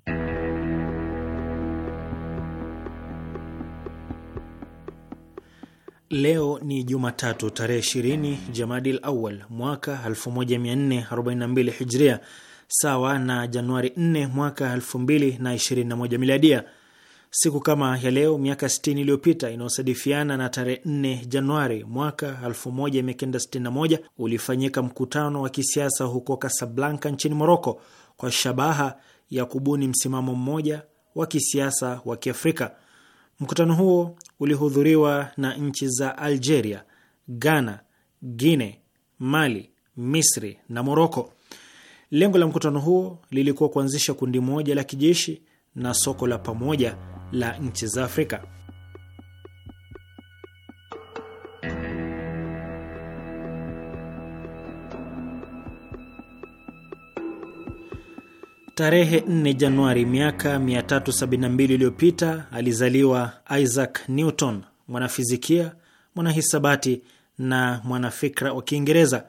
Leo ni Jumatatu tarehe 20 Jamadil Awal mwaka 1442 Hijria, sawa na Januari 4 mwaka 2021 Miladia siku kama ya leo miaka 60 iliyopita inayosadifiana na tarehe 4 Januari mwaka 1961 ulifanyika mkutano wa kisiasa huko Kasablanka nchini Moroko kwa shabaha ya kubuni msimamo mmoja wa kisiasa wa Kiafrika. Mkutano huo ulihudhuriwa na nchi za Algeria, Ghana, Guine, Mali, Misri na Moroko. Lengo la mkutano huo lilikuwa kuanzisha kundi moja la kijeshi na soko la pamoja la nchi za Afrika. Tarehe 4 Januari miaka 372 iliyopita alizaliwa Isaac Newton, mwanafizikia, mwanahisabati na mwanafikra wa Kiingereza.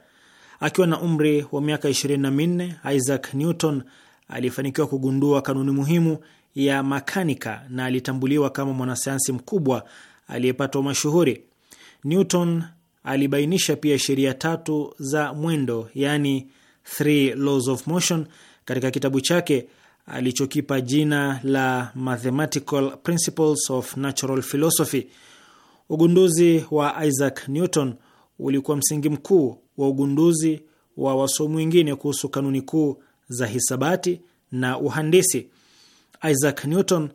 Akiwa na umri wa miaka 24, Isaac Newton alifanikiwa kugundua kanuni muhimu ya makanika na alitambuliwa kama mwanasayansi mkubwa aliyepata mashuhuri Newton alibainisha pia sheria tatu za mwendo, yani three laws of motion, katika kitabu chake alichokipa jina la Mathematical Principles of Natural Philosophy. Ugunduzi wa Isaac Newton ulikuwa msingi mkuu wa ugunduzi wa wasomi wengine kuhusu kanuni kuu za hisabati na uhandisi. Isaac Newton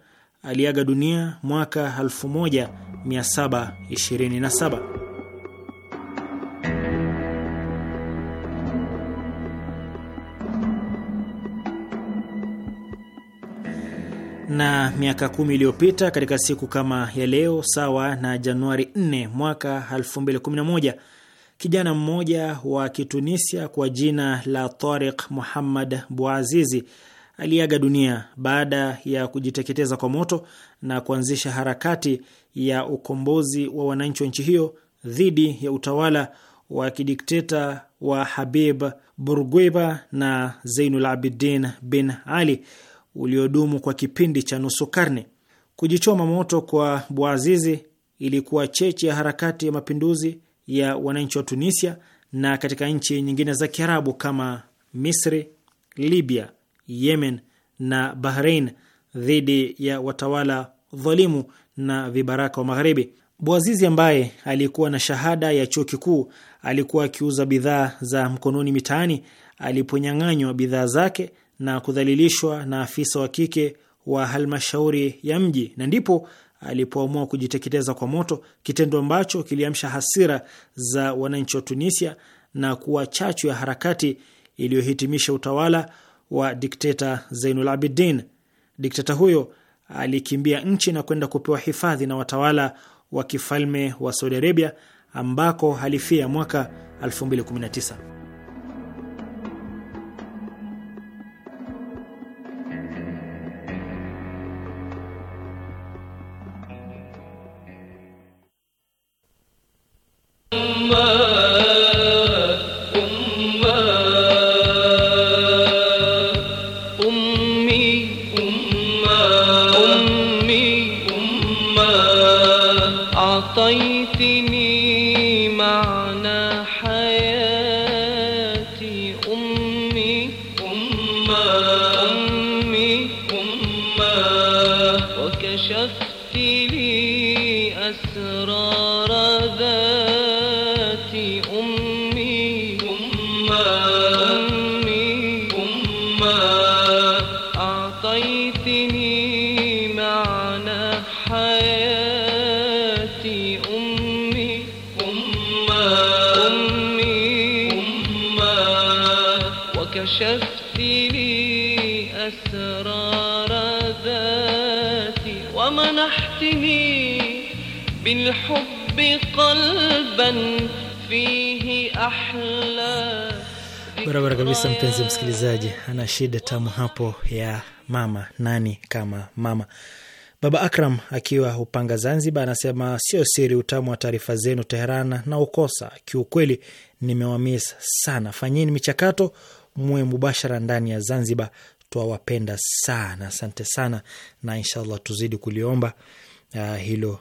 aliaga dunia mwaka 1727. na miaka kumi iliyopita katika siku kama ya leo, sawa na Januari 4 mwaka 2011, kijana mmoja wa Kitunisia kwa jina la Tariq Muhammad Bouazizi aliaga dunia baada ya kujiteketeza kwa moto na kuanzisha harakati ya ukombozi wa wananchi wa nchi hiyo dhidi ya utawala wa kidikteta wa Habib Burguiba na Zeinul Abidin bin Ali uliodumu kwa kipindi cha nusu karne. Kujichoma moto kwa Bouazizi ilikuwa cheche ya harakati ya mapinduzi ya wananchi wa Tunisia na katika nchi nyingine za Kiarabu kama Misri, Libya, Yemen na Bahrain dhidi ya watawala dhalimu na vibaraka wa Magharibi. Bwazizi ambaye alikuwa na shahada ya chuo kikuu alikuwa akiuza bidhaa za mkononi mitaani aliponyang'anywa bidhaa zake na kudhalilishwa na afisa wa kike wa halmashauri ya mji, na ndipo alipoamua kujiteketeza kwa moto, kitendo ambacho kiliamsha hasira za wananchi wa Tunisia na kuwa chachu ya harakati iliyohitimisha utawala wa dikteta Zainul Abidin. Dikteta huyo alikimbia nchi na kwenda kupewa hifadhi na watawala wa kifalme wa Saudi Arabia ambako alifia mwaka 2019. shida tamu hapo ya mama nani kama mama. Baba Akram akiwa Upanga, Zanzibar, anasema sio siri utamu wa taarifa zenu Teheran na ukosa kiukweli, nimewamis sana. Fanyeni michakato muwe mubashara ndani ya Zanzibar, twawapenda sana. Asante sana, na inshallah tuzidi kuliomba uh, hilo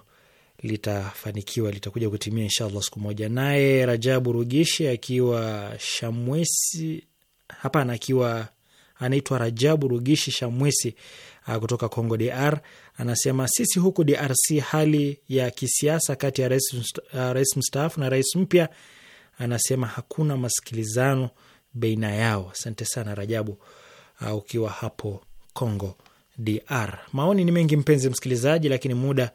litafanikiwa litakuja kutimia inshallah siku moja. Naye Rajabu Rugishi akiwa Shamwesi, hapana, akiwa anaitwa Rajabu Rugishi Shamwisi uh, kutoka Congo DR anasema sisi huku DRC hali ya kisiasa kati ya rais, uh, rais mstaafu na rais mpya anasema hakuna masikilizano baina yao. Asante sana Rajabu, uh, ukiwa hapo Congo DR. Maoni ni mengi mpenzi msikilizaji, lakini muda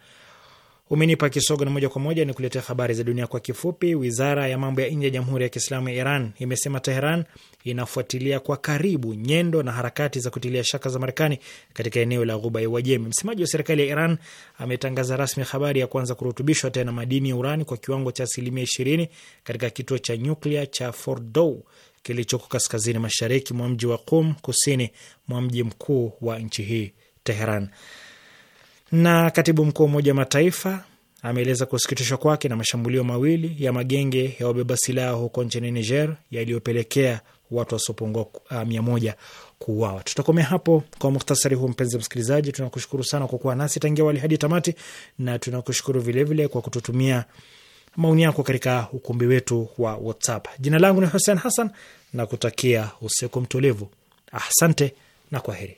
Umenipa kisogo na moja kwa moja ni kuletea habari za dunia kwa kifupi. Wizara ya mambo ya nje ya Jamhuri ya Kiislamu ya Iran imesema Teheran inafuatilia kwa karibu nyendo na harakati za kutilia shaka za Marekani katika eneo la Ghuba ya Uajemi. Msemaji wa serikali ya Iran ametangaza rasmi habari ya kuanza kurutubishwa tena madini ya urani kwa kiwango cha asilimia ishirini katika kituo cha nyuklia cha Fordo kilichoko kaskazini mashariki mwa mji wa Qum, kusini mwa mji mkuu wa nchi hii Teheran. Na katibu mkuu wa Umoja wa Mataifa ameeleza kusikitishwa kwake na mashambulio mawili ya magenge ya wabeba silaha huko nchini Niger yaliyopelekea watu wasiopungua uh, mia moja kuuawa. Tutakomea hapo kwa muhtasari huu, mpenzi msikilizaji. Tunakushukuru sana kwa kuwa nasi tangia wali hadi tamati, na tunakushukuru vilevile kwa kututumia maoni yako katika ukumbi wetu wa WhatsApp. Jina langu ni Hussein Hassan na kutakia usiku mtulivu. Asante ah, na kwaheri.